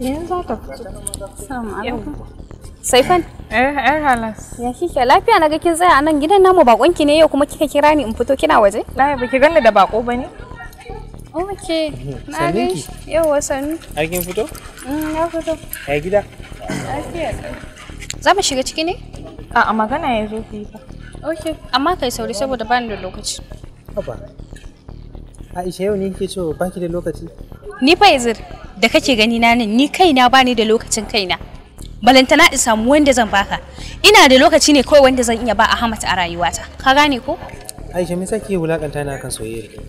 Yanzu za ta fito. Saifan. Eh, eh halas. Ya kike lafiya naga kin tsaya a nan gidan namu bakonki ne yau kuma kika kira ni in fito kina waje? Lafiya ki ganni da bako bane? Ok, na gan shi. Yawwa sannu. Ai kin fito? na fito. Ai gida? Lafiya Za mu shiga ciki ne? A'a magana ya zo ki fa. Ok, amma kai sauri saboda bani da lokaci. Haba. Aisha yau ne kike ba ki da lokaci? ni fa yanzu da kake gani na nan ni kaina bani da lokacin kaina balantana in samu wanda zan baka ina da lokaci ne kawai wanda zan iya ba Ahmad a rayuwata ka gane ko Aisha me sake wulakanta na kan soyayya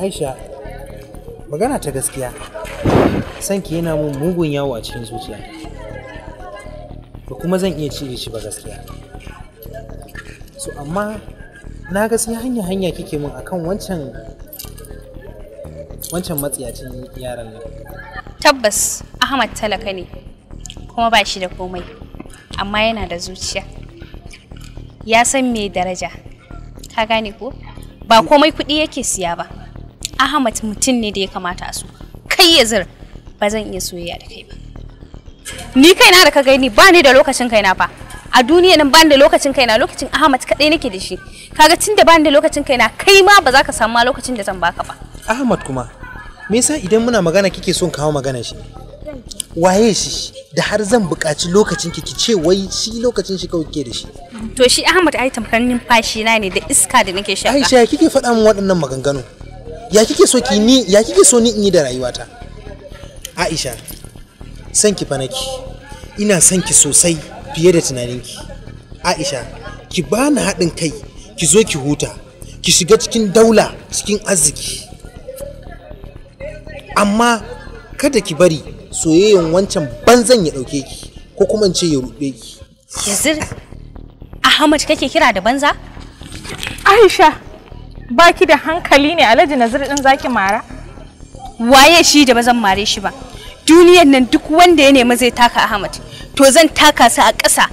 Aisha magana ta gaskiya ki yana mun mugun yawo a cikin zuciya ba kuma zan iya cire shi ba gaskiya so amma na ga sai hanya hanya kike mun akan wancan wancan matsiyacin yaran nan tabbas ahmad talaka ne kuma ba shi da komai amma yana da zuciya ya san me daraja ka gane ko ba komai kuɗi yake siya ba ahmad mutum ne da ya kamata a so kai ya zir ba zan iya soyayya da kai ba ni kaina da ka gani ba ni da lokacin kaina fa a duniya nan bani da lokacin kaina lokacin Ahmad kadai nake da shi kaga tunda ba bani da lokacin kaina kai ma ba za ka samu lokacin da zan baka ba Ahmad kuma me yasa idan muna magana kike son kawo magana shi waye shi da har zan buƙaci lokacin ki ce wai shi lokacin shi kawai kike da shi to shi Ahmad ai tamkar numfashi na ne da iska da nake shaka Aisha ya kike faɗa min waɗannan maganganu ya kike so ki ni ya kike so ni in yi da rayuwata Aisha san ki fa ina son ki sosai fiye da tunaninki Aisha ki bani haɗin kai ki zo ki huta ki shiga cikin daula cikin arziki amma kada ki bari soyayyen wancan banzan ya ɗauke ki ko kuma in ce ya ruɗe ki yazir ahmad kake kira da banza aisha baki da hankali ne alhaji nazir din zaki mara waye shi da ba mare shi ba duniyar nan duk wanda ya nemi zai taka ahmad to zan taka su a ƙasa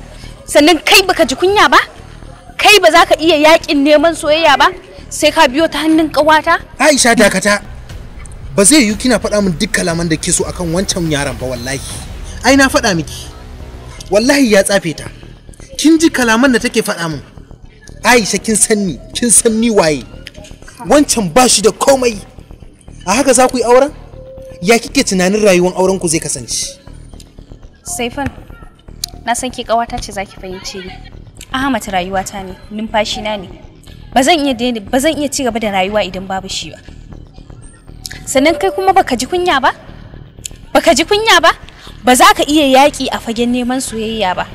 sannan kai baka ji kunya ba kai ba za ka iya yaƙin neman soyayya ba sai ka biyo ta hannun ƙawata aisha dakata ba zai yiwu kina faɗa min duk kalaman da ke so akan wancan yaran ba wallahi ai na faɗa miki wallahi ya tsafe ta kin ji kalaman da take faɗa min aisha kin sanni kin sanni waye wancan ba shi da komai a haka za ku yi auren ya kike tunanin rayuwar auren ku zai kasance saifan na san ki kawata ce zaki fahimce ni ahmad rayuwata ne numfashi na ne ba zan iya ba zan iya ci gaba da rayuwa idan babu shi ba sannan kai kuma baka ji kunya ba baka ji kunya ba ba za ka iya yaƙi a fagen neman soyayya ba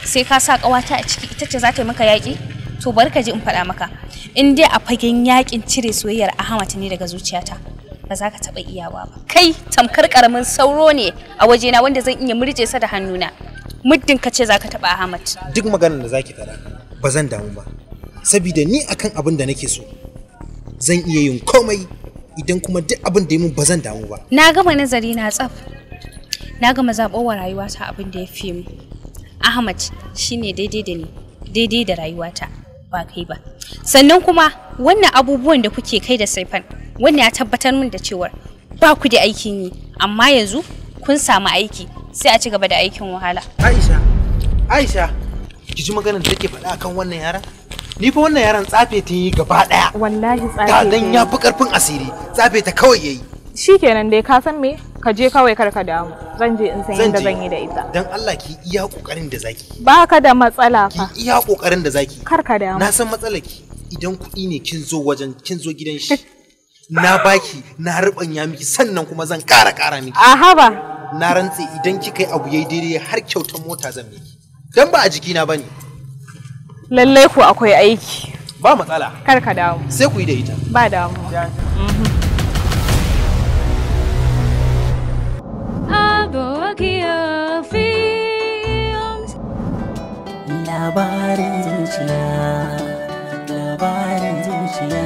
sai ka sa ƙawata a ciki ita ce za ta yi maka yaƙi to bari ka ji in faɗa maka in dai a fagen yaƙin cire soyayyar ahmad ne daga zuciyata ba za ka taɓa iyawa ba kai tamkar ƙaramin sauro ne a wajena wanda zan iya murje sa da hannuna muddin ka ce za ka taɓa ahmad duk maganar da za ki faɗa ba zan damu ba saboda ni akan abin da nake so zan iya yin komai idan kuma duk abin da ya mun ba zan damu ba na gama nazari na tsaf na gama wa rayuwata abin da ya fi mu ahmad shine daidai da ni daidai da rayuwata ba kai ba sannan kuma wannan abubuwan da kuke kai da saifan wannan ya tabbatar min da cewar ba ku da aikin yi amma yanzu kun samu aiki sai a ci gaba da aikin wahala aisha aisha ki ji maganar da take faɗa akan wannan yaran ni fa wannan yaron tsafe ta yi gaba daya wallahi tsafe ta dan ya fi karfin asiri tsafe ta kawai yayi shikenan dai ka san me ka je kawai kar ka damu zan je in san yadda zan yi da ita dan Allah ki iya kokarin da zaki ba ka da matsala fa ki iya kokarin da zaki kar ka damu na san matsalar ki idan kuɗi ne kin zo wajen kin zo gidan shi na baki na rubanya miki sannan kuma zan ƙara ƙara miki a haba na rantse idan kika yi abu yayi daidai har kyautar mota zan miki dan ba a jikina bane Lallai ku akwai aiki. Ba matsala. Kar ka damu. Sai ku yi da ita. Ba damu. Labarin zuciya, labarin zuciya,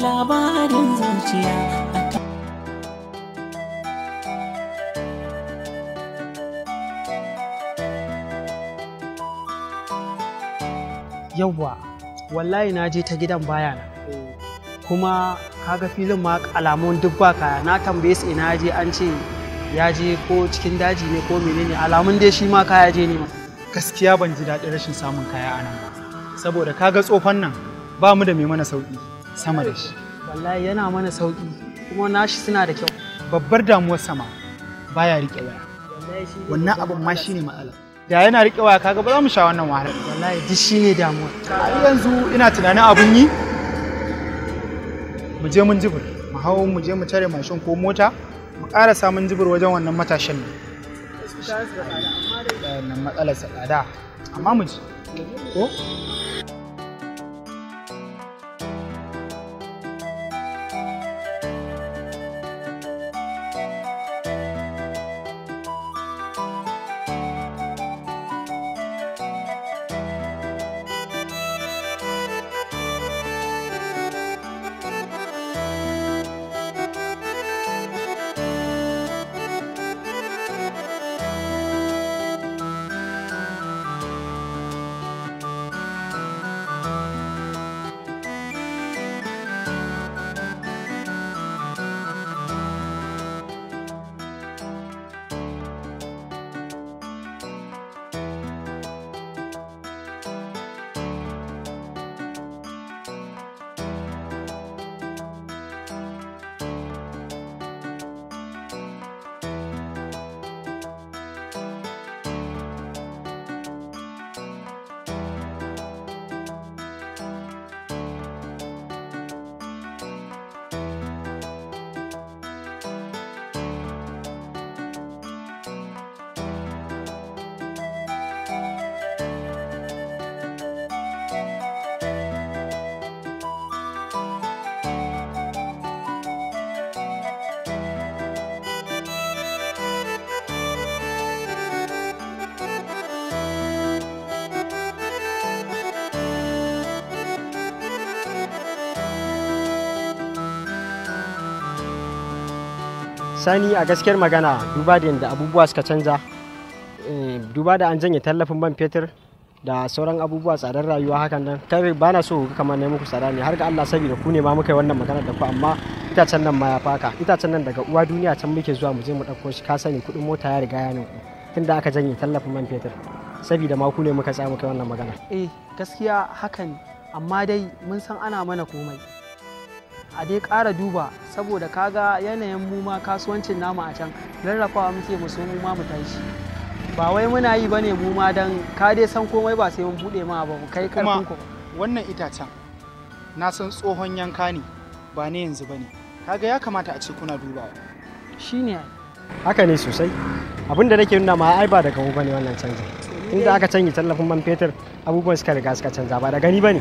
labarin zuciya. Yawwa wallahi na je ta gidan baya na kuma kaga filin ma alamun duk ba kaya na tambaye su ina je an ce ya je ko cikin daji ne ko menene alamun dai shi ma kaya je ne gaskiya ban ji daɗin rashin samun kaya a nan ba saboda kaga tsofan nan ba mu da mai mana sauƙi sama da shi wallahi yana mana sauƙi kuma nashi suna da kyau babbar damuwar sama baya riƙe waya wannan abin ma shine matsala da yana riƙe waya kaga ba za mu sha wannan wahala wallahi duk shine damuwa har yanzu ina tunanin abun yi mu je mun jibir mu hawo mu je mu tare mashin ko mota mu ƙara samun jibir wajen wannan matashin ne wannan matsalar tsada amma mu ji ko sani a gaskiyar magana duba da yadda abubuwa suka canza eh, duba da an janye tallafin man fetur da sauran abubuwa tsadar rayuwa hakan nan kai ba na so kamar ne muku tsada ne har ga Allah saboda ku ne ma muka yi wannan magana da ku amma itacen nan ma ya faka itacen nan daga uwa duniya can muke zuwa mu je mu ɗauko shi ka sani kuɗin mota ya riga ya ninku tunda aka janye tallafin man fetur saboda ma ku ne muka tsaya muka yi wannan magana eh gaskiya hakan amma dai mun san ana mana komai a dai ƙara duba saboda kaga yanayin mu ma kasuwancin namu a can rarrafawa muke mu so mu ma mu tashi ba wai muna yi bane mu ma dan ka dai san komai ba sai mun bude ma ba mu kai karfin ku wannan itacen na san tsohon yanka ne ba ne yanzu bane kaga ya kamata a ce kuna dubawa shine haka ne sosai abinda da nake nuna ma ai ba daga gobe ne wannan canjin inda aka canji tallafin man fetur abubuwan suka riga suka canza ba da gani bane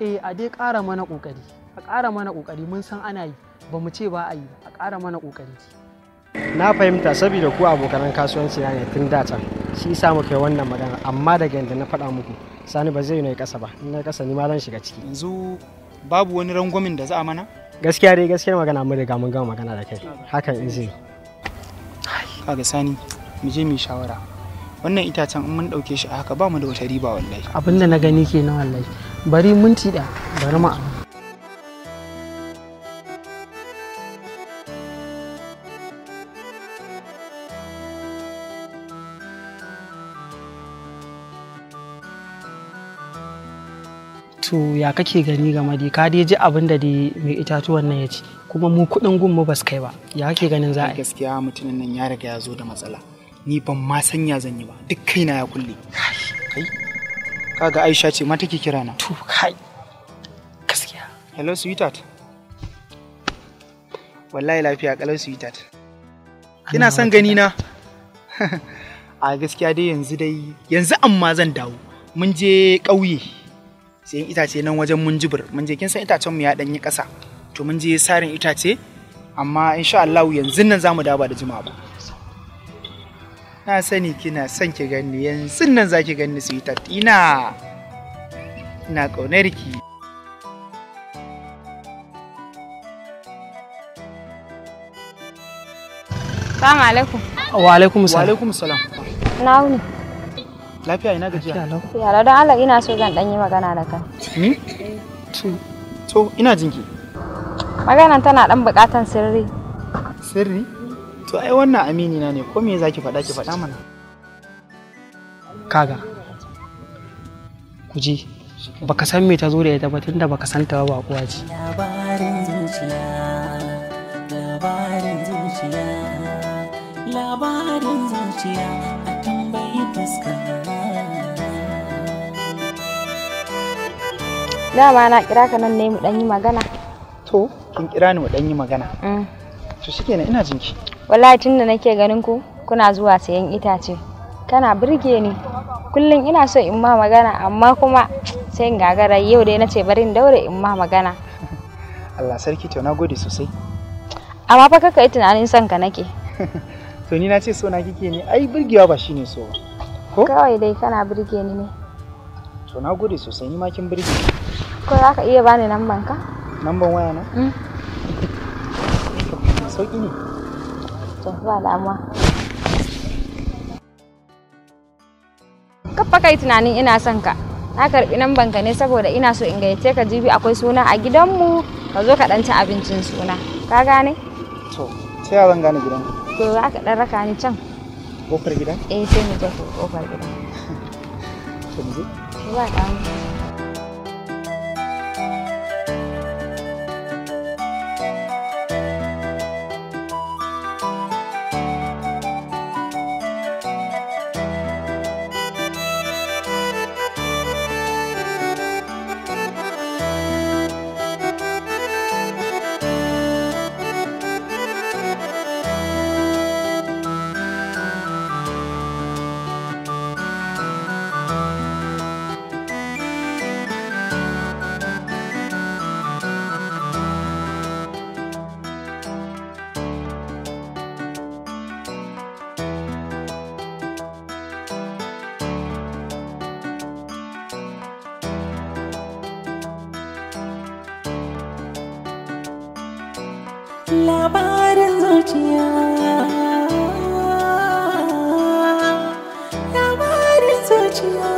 eh a dai ƙara mana ƙoƙari a ƙara mana ƙoƙari mun san ana yi ba mu ce ba a yi a ƙara mana ƙoƙari na fahimta saboda ku abokanan kasuwanci ne tun da can shi sa muka yi wannan magana amma daga yadda na faɗa muku sani ba zai yi na ƙasa ba na ƙasa ni ma zan shiga ciki yanzu babu wani rangwamin da za a mana gaskiya dai gaskiyar magana mu riga mun gama magana da kai hakan izini kaga sani mu je mu shawara wannan itacen in mun dauke shi a haka ba mu da wata riba wallahi abinda na gani kenan wallahi bari minti da bari mu so ya kake gani game da ka dai ji abin da dai mai itatuwan nan ya ci kuma mu kudin gun mu basu kai ba ya kake ganin za a gaskiya mutumin nan ya riga ya zo da matsala ni ban ma sanya zan yi ba duk kaina ya kulle kai kaga Aisha ce ma take kira na to kai gaskiya hello sweetheart wallahi lafiya kalau sweetheart kina son gani na a gaskiya dai yanzu dai yanzu amma zan dawo mun je ƙauye sayan itace nan wajen mun jibir mun je kin san itacen mu ya danyi ƙasa to mun je sarin itace amma insha Allah yanzu nan zamu dawo da juma'a ba na sani kina son ki gani yanzu nan zaki gani su ina ina ƙaunar ki Salamu alaikum. Wa alaikum salam. Na wuni. Lafiya ina gajiya? Yara don Allah ina so zan ɗan yi magana da ka. Ni? To ina jinki. Maganan tana ɗan buƙatan sirri. Sirri? To ai wannan amini na ne ko me zaki faɗa ki faɗa mana. Kaga. Ku ji. Baka san me ta zo da ita ba tunda baka san ta ba kuwa ji. Labarin zuciya. Labarin zuciya. Labarin zuciya. fuska dama na kira ka nan ne mu dan yi magana to kin kira ni mu dan yi magana mm. to shikenan ina jinki wallahi tunda nake ganin ku kuna zuwa sayan itace kana burge ni kullum ina so in ma magana amma kuma sai in gagara yau dai nace bari in daure in ma magana Allah sarki to na gode sosai amma fa kaka yi tunanin son ka nake to ni na ce so na kike ne ai burgewa ba shine so ba Ko? Kawai dai kana birge ni ne. To na gode sosai ni ma kin birge. Ko za ka iya bani namban ka? Namban waya na? Mm. Sauki ne. To ba damuwa. Kafa kai tunanin ina son ka. Na karbi namban ka ne saboda ina so in gayyace ka jibi akwai suna a gidanmu ka zo ka dan ci abincin suna. Ka gane? To, ta zan gane gidan? To za ka dan raka ni can. kofar gida? Eh sai mu je kofar gida. labarin zuciya labarin zuciya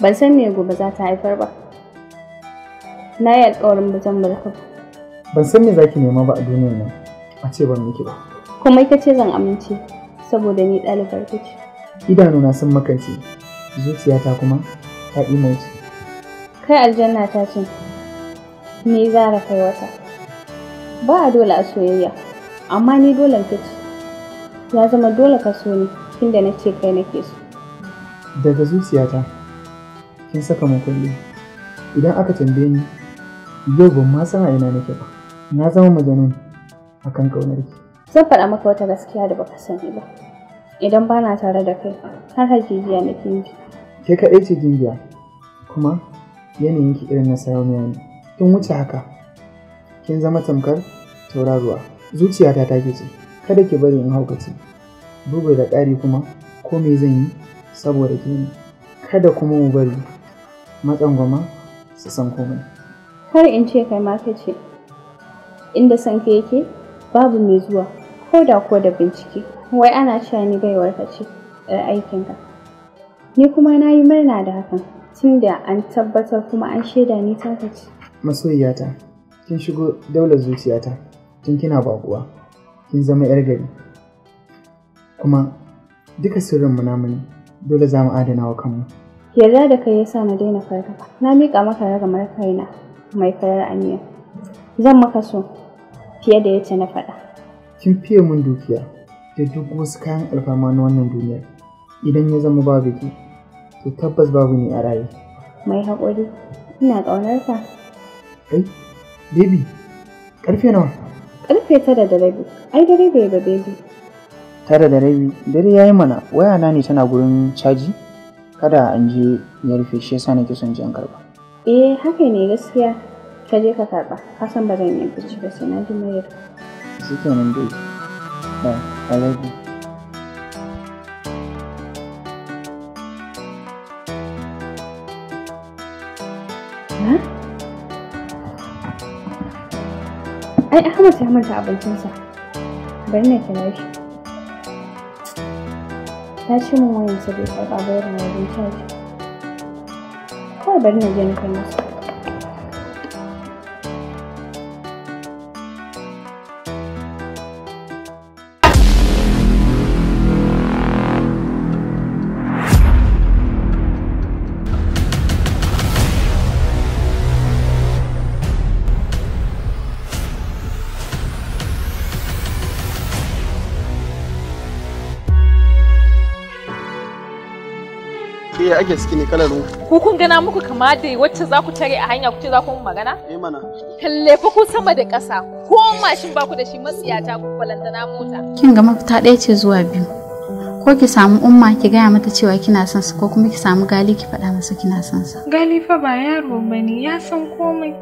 ban san me gobe za ta haifar ba na yi alkawarin ba zan bar ba ban san me zaki nema ba a duniyar nan a ce ban miki ba kuma ita ce zan amince saboda ni ɗalibar kake ce idanuna sun makance zuciyata kuma ta ɗimauci. Kai aljanna ta ce, ni zara kai wata. Ba a dole a soyayya, amma ni dole ka ce. Ya zama dole ka so ni tunda na ce kai nake so. Daga zuciyata, kin saka makulli. Idan aka tambaye ni, yau ban ma san a ina nake ba. Na zama majanun akan ki. Zan faɗa maka wata gaskiya da baka sani ba. idan ba na tare da kai har jiya na ke ji. Ke kaɗai ce jinjiya kuma yanayin ki irin na sarauniya ne. Kin wuce haka kin zama tamkar tauraruwa zuciyata ta ke ce kada ki bari in haukace. Bugu da ƙari kuma ko me zan yi saboda ke ne kada kuma mu bari matsangwama su san komai. Har in ce kai ma ka ce inda san ke yake babu mai zuwa ko da ko da bincike. wai ana cewa ni baiwarka ce ‘yar eh, aikinka ni kuma na yi murna da hakan tunda an tabbatar kuma an shaida ni taka ce masoyiyata kin shigo daular zuciyata tun kina baguwa, kin zama ‘yar gari kuma duka sirrin mu namu ne dole za mu adana wa kanmu yarda da kai yasa na daina farka, na miƙa maka ragamar kaina mai farar aniya zan maka so fiye da yace na faɗa kin fiye mun dukiya da duk wasu kayan alfarma na wannan duniyar idan ya zama babu biki, to tabbas babu ne a raye mai haƙuri ina ƙaunar ka kai baby karfe nawa karfe tara da rabi ai dare bai ga baby tara da rabi dare yayi mana waya na ne tana gurin caji kada an je ya rufe shi yasa nake son ji an karba eh haka ne gaskiya ka je ka karba ka san ba zan yi bici ba sai na ji mai nan dai ba عليكم أي أحمد شي عملت عبل تنسى بعدين يمكن أعيش هاد شي مو وين صديق أبغى أغير بعدين يجيني في ke ya ake ciki ne kalar ruwa ku kun gana muku kama da wacce za ku tare a hanya ku ce za ku magana eh mana kalle fa ku sama da ƙasa ko mashin ba ku da shi matsiyata ku balantana mota kin ga mafita ɗaya ce zuwa biyu ko ki samu umma ki gaya mata cewa kina son sa ko kuma ki samu gali ki faɗa masa kina son sa gali fa ba yaro bane ya san komai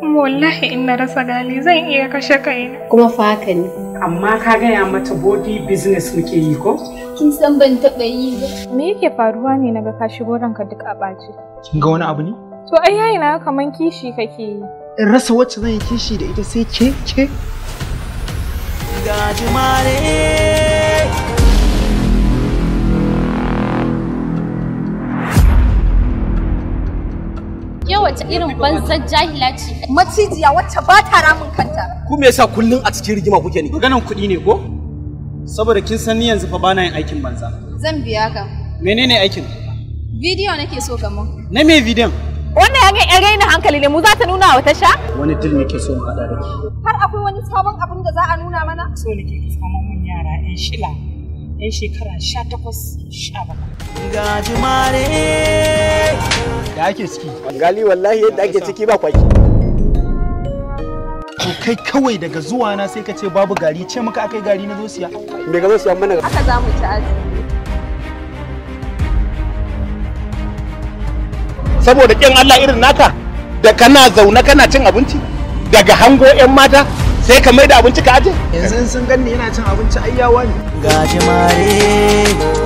kuma wallahi in na rasa gali zan iya kashe kaina kuma fa haka ne amma ka gaya mata body business muke yi ko? Kin san ban taɓa yi ba. Me yake faruwa ne naga ka shigo ranka duk a ɓaci? Kin ga wani abu ne? To ai yayi na kaman kishi kake yi. In rasa wacce zan yi kishi da ita sai ke ke. Gajimare. kowace irin banzar jahila ce macijiya wacce ba ta ramin kanta ku me yasa kullun a cikin rigima kuke ne Ganin kuɗi ne ko saboda kin san ni yanzu fa bana yin aikin banza zan biya ka menene aikin Video nake so ka mu. na me bidiyon wannan ya ga yan raina hankali ne mu za ta nuna wa tasha wani dil nake so mu hada da ki har akwai wani sabon abin da za a nuna mana so nake kasa samu mun yara yan shila yan shekara 18 17 ga jumare da ake ciki gali wallahi yadda ake ciki ba kwaki to kai kawai daga zuwa na sai ka ce babu gari ce maka akai gari na zosiya. me ga zo mana haka za mu ci azumi saboda kin Allah irin naka da kana zaune kana cin abinci daga hango yan mata sai ka mai da abinci ka aje yanzu sun ganni yana cin abinci ayyawa ne gajimare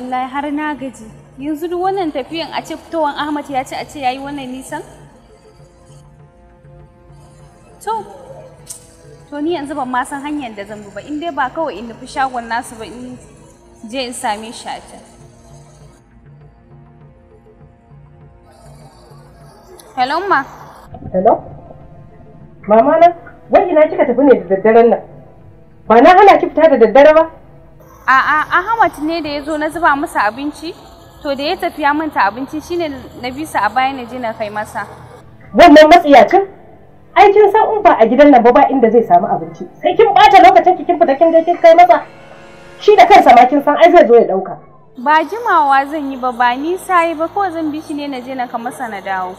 wallahi har na gaji yanzu duk wannan tafiyan a ce fitowan ahmad ya ce a ce yayi wannan nisan to to ni yanzu ban ma san hanyar da zan bi ba in dai ba kawai in nufi shagon nasu ba in je in same shi a can hello ma hello mama na wai ina kika tafi ne da daddaren nan ba na hana ki fita da daddare ba A'a, Ahmad ne da ya zo na zuba masa abinci, to da ya tafi ya manta abinci shine na bisa a baya na je na kai masa. Wannan matsiyacin? Ai kin san in ba a gidan nan ba ba inda zai samu abinci. Sai kin bata lokacin ki kin fita kin je kin kai masa. Shi da kansa ma kin san ai zai zo ya dauka. Ba jimawa zan yi ba ba nisa yi ba ko zan bi shi ne na je na kai masa na dawo.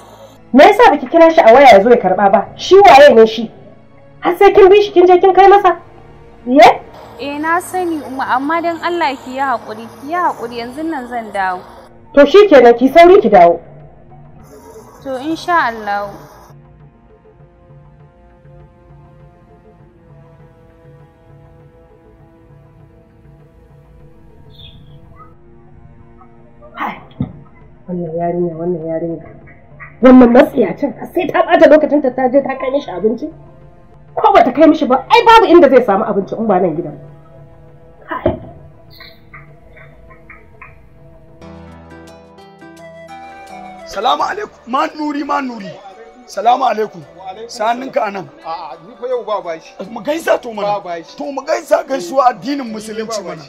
Me yasa baki kira shi a waya ya zo ya karba ba? Shi waye ne shi? Har sai kin bi shi kin je kin kai masa? Ye? eh na sani umma amma dan Allah ki yi haƙuri ki yi haƙuri yanzu nan zan dawo to shikenan ki sauri ki dawo to insha Allah wannan yarinya wannan yarinya wannan matsiyacin sai ta ɓata lokacin ta ta je ta kai mishi abinci ko bata kai mishi ba ai babu inda zai samu abinci in ba nan gidan salamu alaikum ma nuri ma nuri salamu alaikum sanin ka anan ni fa yau ba bashi mu gaisa to mana to mu gaisa gaisuwa addinin musulunci mana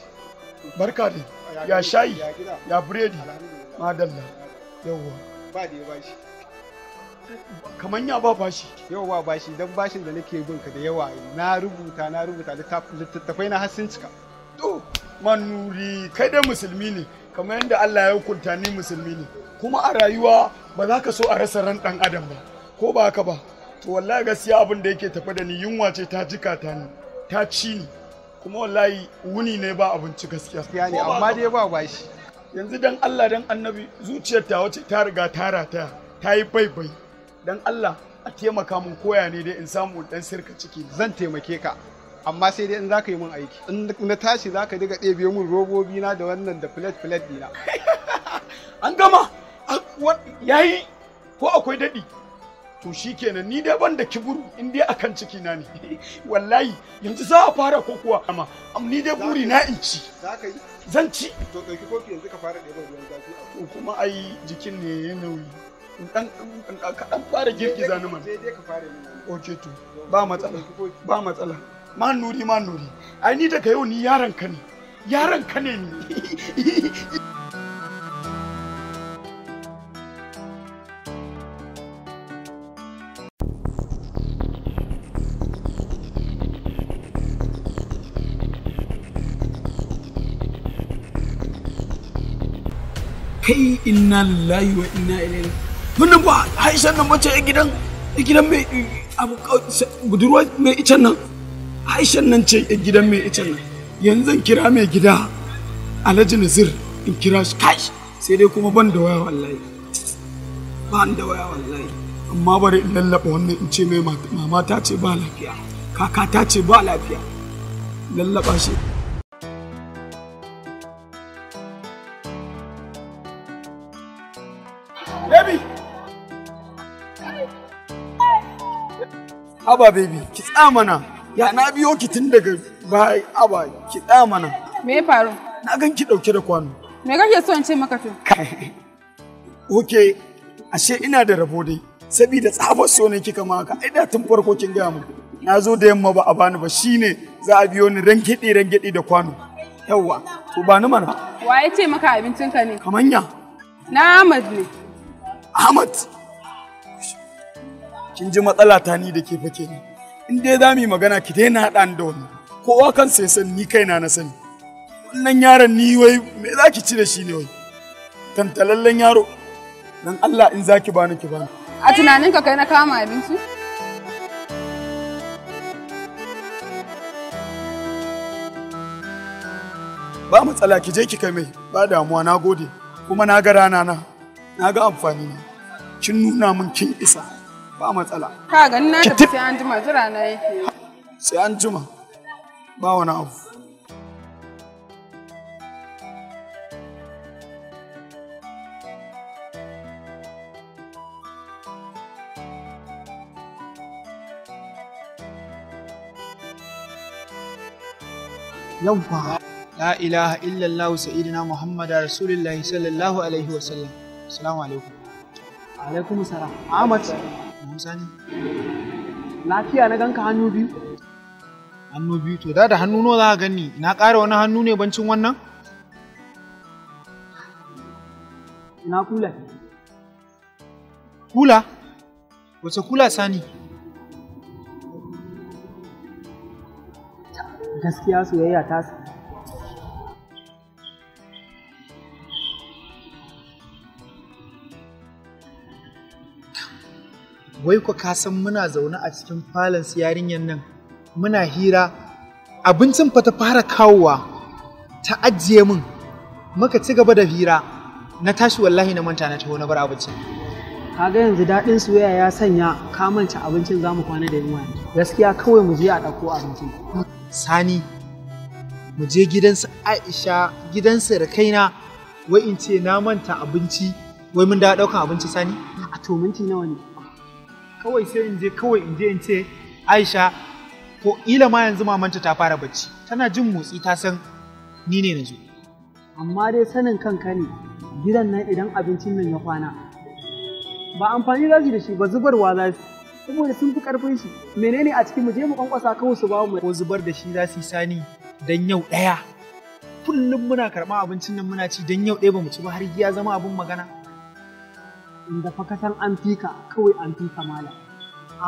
barka da ya shayi ya biredi madalla yawwa ba da ya bashi kaman ya ba bashi yau ba bashi dan bashin da nake bin ka da yawa na rubuta na rubuta littattafai na har sun cika to manuri kai dai musulmi ne kamar yadda Allah ya hukunta ni musulmi ne kuma a rayuwa ba za ka so a rasa ran ɗan adam ba ko ba haka ba to wallahi gaskiya abin da yake tafi da ni yunwa ce ta jikata ni ta ci ni kuma wallahi wuni ne ba abinci gaskiya ne amma dai ba bashi yanzu dan Allah dan annabi zuciyar ta wace ta riga ta rata ta yi baibai dan Allah a taimaka mun koya ne dai in samu dan sirka ciki zan taimake ka amma sai dai in za ka yi min aiki in na tashi za ka diga ɗebe mun robobi na da wannan da plate plate dina an gama yayi ko akwai daɗi to shi kenan ni dai ban da kiburu in dai akan ciki na ne wallahi yanzu za a fara ko kuwa amma ni dai buri na in ci zan ci a kuma ai jikin ni man daga yau ni kai inna lillahi wa inna ilaihi wannan ba Aisha nan mace a gidan gidan mai abu budurwa mai icen nan Aisha nan ce a gidan mai icen nan yanzu kira mai gida Alhaji Nazir in kira shi kai sai dai kuma ban da waya wallahi ban da waya wallahi amma bari in lallaba wannan in ce mai mama ta ce ba lafiya kaka ta ce ba lafiya lallaba shi Aba baby, ki mana. Ya na biyo ki tun daga baya aba ki tsaya mana. Me ya faru? Na gan ki dauke da kwano. Me kake so in ce maka to? Okay, ashe ina da rabo dai. Sabida tsabar so ne kika ka. Ai da tun farko kin ga mu. Na zo da yamma ba a bani ba shine za a biyo ni rangede rangede da kwano. Yawwa, to ba ni mana. Wa ya ce maka abincinka ne? Kamanya. Na Ahmad ne. Ahmad. kin ji matsala ta ni da ke fake ni. in dai za mu magana ki daina haɗa ni da wani kowa kan sai san ni kaina na sani wannan yaron ni wai me za ki ci da shi ne wai tantalallen yaro dan Allah in za ki bani ki bani a tunaninka kai na kama abinci ba matsala ki je ki kai mai ba damuwa na gode kuma na ga rana na na ga amfani ne kin nuna min kin isa ba matsala ka gani na tafi sai an jima jira na yake sai an jima ba wani abu yawwa la ilaha illallah sa'idina muhammada rasulullahi sallallahu alaihi wasallam assalamu alaikum alaikum salam ahmad Musa ne? Lafiya na ganka hannu biyu? Hannu biyu to da da hannu nawa za ka gani na ƙara wani hannu ne bancin wannan? Na kula. Kula? Wace kula sani? Gaskiya soyayya ta wai ku ka san muna zaune a cikin falon yarinyar nan muna hira abincin fa ta fara kawowa ta ajiye min muka ci gaba da hira na tashi wallahi na manta na taho na bar abincin kaga yanzu daɗin soyayya ya sanya ka manta abincin za mu kwana da yunwa gaskiya kawai mu je a ɗauko abinci sani mu je gidansa aisha gidansu rakaina wai in ce na manta abinci wai mun da ɗaukan abinci sani a to minti nawa ne kawai sai in je kawai in je in ce aisha ko ila ma yanzu mamanta ta fara bacci tana jin motsi ta san ni ne na zo amma dai sanin kanka ne gidan nan idan abincin nan ya kwana ba amfani za da shi ba zubarwa za su saboda sun fi karfin shi menene a cikin mu je mu kwankwasa kawai su ba mu ko zubar da shi za su sani dan yau ɗaya kullum muna karɓar abincin nan muna ci dan yau ɗaya ba mu ci ba har ya zama abin magana inda fa ka san an fika kawai an fika malam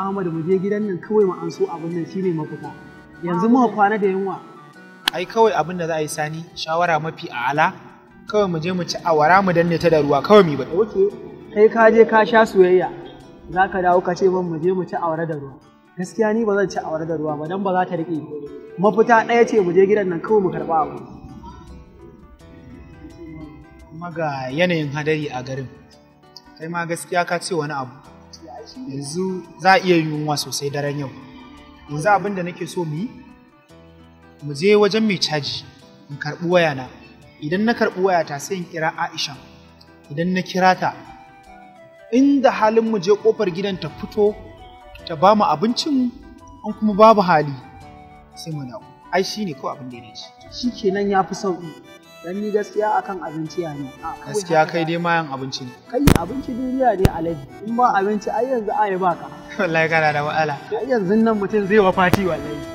Ahmad mu je gidan nan kawai mu an so abin nan shine mafita yanzu muka kwana da yunwa ai kawai abin da za a yi sani shawara mafi a'ala kawai mu je mu ci awara mu danne ta da ruwa kawai mu ba oke kai ka je ka sha soyayya za ka dawo ka ce min mu je mu ci awara da ruwa gaskiya ni ba zan ci awara da ruwa ba dan ba za ta riƙe mafita ɗaya ce mu je gidan nan kawai mu karɓa abu kuma ga yanayin hadari a garin Sai ma gaskiya ka ce wani abu yanzu za a iya yunwa sosai daren yau yanzu abin da nake so mu yi mu je wajen mai caji in karɓi wayana idan na karɓi wayata sai in kira aisha idan na kira ta inda halin mu je ƙofar gidan ta fito ta ba mu abincin an kuma babu hali sai mu dawo ai shine ko abin da ya ci. shi kenan ya fi sauƙi Dan ni gaskiya akan abinci ya ne. Gaskiya kai dai mayan abinci ne. Kai abinci duniya ne alaji. In ba abinci ai yanzu ai baka. Wallahi kana da matsala. Ai yanzu nan mutum zai wa fati wallahi.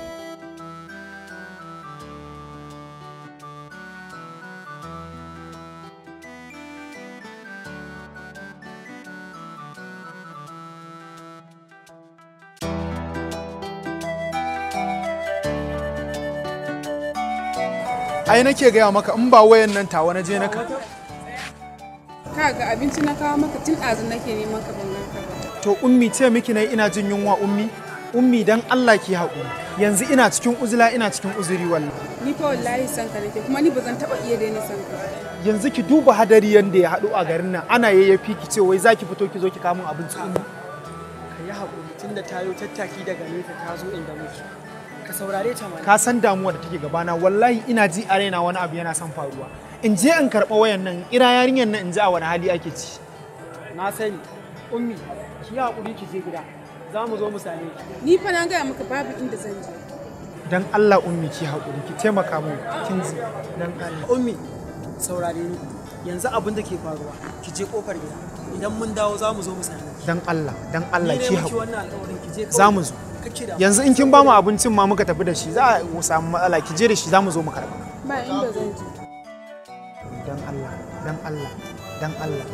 ai nake gaya maka in ba wayan nan tawa na je na ka ka ga abinci na kawo maka tun azu nake neman maka ban ka ba to ummi ce miki nayi ina jin yunwa ummi ummi dan Allah ki haƙuri yanzu ina cikin uzula ina cikin uzuri wallahi ni fa wallahi san ka nake kuma ni ba zan taba iya daina san ka yanzu ki duba hadari yanda ya haɗu a garin nan ana yayyafi ki ce wai zaki fito ki zo ki kamun abinci ummi ka yi haƙuri tunda tayo tattaki daga nesa ta zo inda muke ka saurare ta mana ka san damuwar da take gabana wallahi ina ji a raina wani abu yana son faruwa in je in karɓa wayan nan ira yarinyar nan in ji a wani hali ake ci na sani ummi ki yi hakuri ki je gida za mu zo mu same ki ni fa na gaya maka babu inda zan je dan Allah ummi ki hakuri ki taimaka mu kin ji dan Allah ummi saurare ni yanzu abin da ke faruwa ki je kofar gida idan mun dawo za mu zo mu same ki dan Allah dan Allah ki hakuri za mu zo yanzu in kin ba mu abincin ma muka tafi da shi za a samu matsala ki je da shi za mu zo mu karɓa ba inda zan je dan Allah dan Allah dan Allah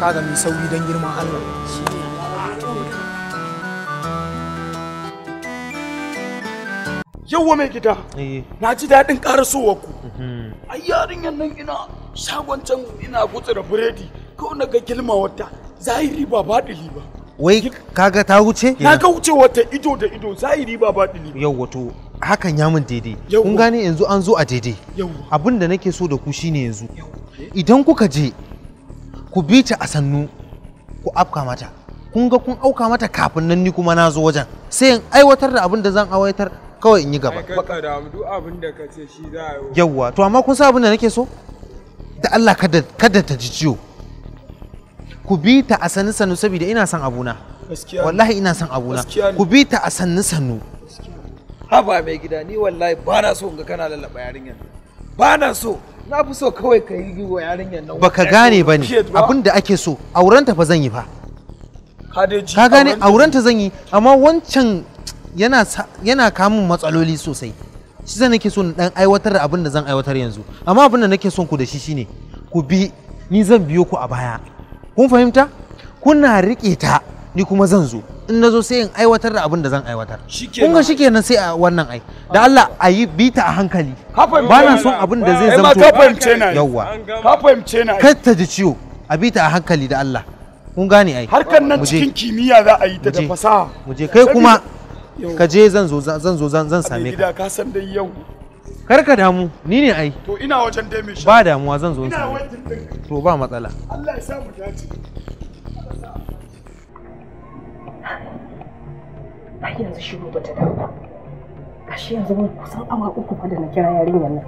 ka ga mai sauri dan girman Allah shi ne yawwa mai gida eh. na ji daɗin ƙarasowar ku mhm. a yarinyar nan ina shagon can ina gutsu da biredi kawai na ga gilma wata zahiri ba baɗili ba wai kaga ta wuce na ga wuce wata ido da ido zahiri ba baɗili yau wato hakan ya min daidai kun gane yanzu an zo a daidai abin da nake so da ku shine yanzu idan kuka je ku bi ta a sannu ku afka mata kun ga kun auka mata kafin nan ni kuma na zo wajen sai in aiwatar da abin da zan aiwatar kawai in yi gaba yawwa to amma kun sa abin da nake so da Allah kada ta ji ciwo ku bi ta a sannu sannu saboda ina son abuna wallahi ina son abuna ku bi ta a sannu sannu haba mai gida ni wallahi ba na so ga kana lallaɓa yarinyar ba na so na fi so kawai ka yi wa yarinyar nan baka gane ne, abin da ake so aurenta fa zan yi fa ka gane aurenta zan yi amma wancan yana yana kamun matsaloli sosai shi zai nake so dan aiwatar da abin da zan aiwatar yanzu amma abin da nake son ku da shi shine ku bi ni zan biyo ku a baya kun fahimta kuna riƙe ta ni kuma zan zo in na zo sai in aiwatar da abin da zan aiwatar kun ga shikenan sai a wannan ai da Allah a yi bita a hankali ba na son abin da zai zama yawwa ka fahimce na kar ta ji ciwo a bita a hankali da Allah kun gane ai harkan nan cikin kimiyya za a yi ta da fasaha mu je kai kuma ka je zan zo zan zo zan same ka ka san dai yau kar ka damu ni ne ai to ina wajen dai mai ba damuwa zan zo ina wajen to ba matsala Allah ya sa mu dace har yanzu shi ba ta dawo ashe yanzu mun kusan awa uku fa da na kira yarinyar nan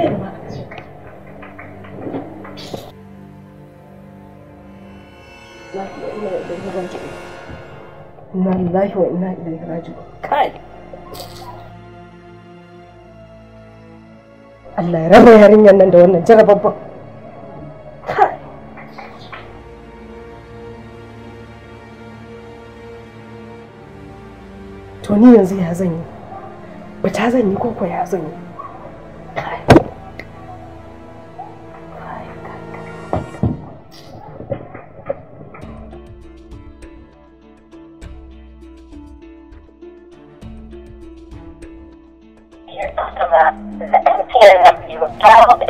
wayar ma a cikin Inna lillahi wa inna ilaihi raji'un. Kai. Allah ya raba yarinyar nan da wannan jarababban. Kai. To ni yanzu ya zan yi? Bata zan yi koko ya zan yi? Kai. customer the MTN number you have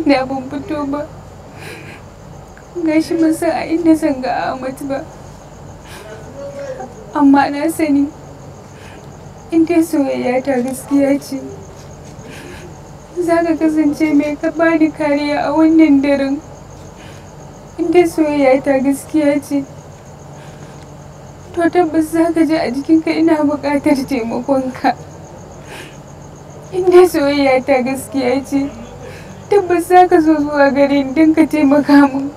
da ban fito ba gashi ban san a inda zan ga Ahmad ba amma na sani inda soyayya ta gaskiya ce za ka kasance mai ka bani kariya a wannan daren inda soyayya ta gaskiya ce to tabbas za ka ji a jikinka ina buƙatar taimakonka inda soyayya ta gaskiya ce tabbas za ka zo zuwa garin ni don ka taimaka min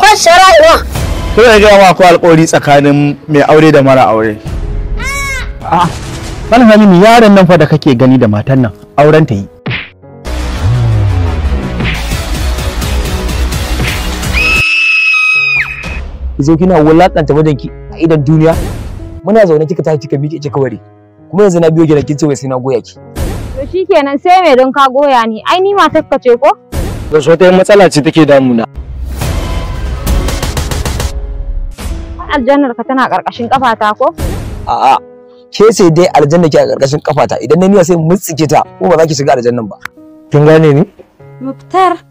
akwai shara'iwa. Kuna gaya ma akwai alƙawari tsakanin mai aure da mara aure. Ah. A'a, Malam Aminu yaron nan fa da kake gani da matan nan auren ta yi. Ki zo kina wulakanta mijinki a idan duniya. Muna zaune kika tashi kika miƙe kika ware. Kuma yanzu na biyo gidan kin ce wai sai na goya ki. To shikenan sai me don ka goya ni? Ai ni matar ka ce ko? Da so ta matsala ce take damuna. aljannar ka tana karkashin kafata ko a'a ke sai dai aljanna ke a karkashin kafata idan na niya sai mun tsike ta ko ba za ki shiga aljannan ba kin gane ni muftar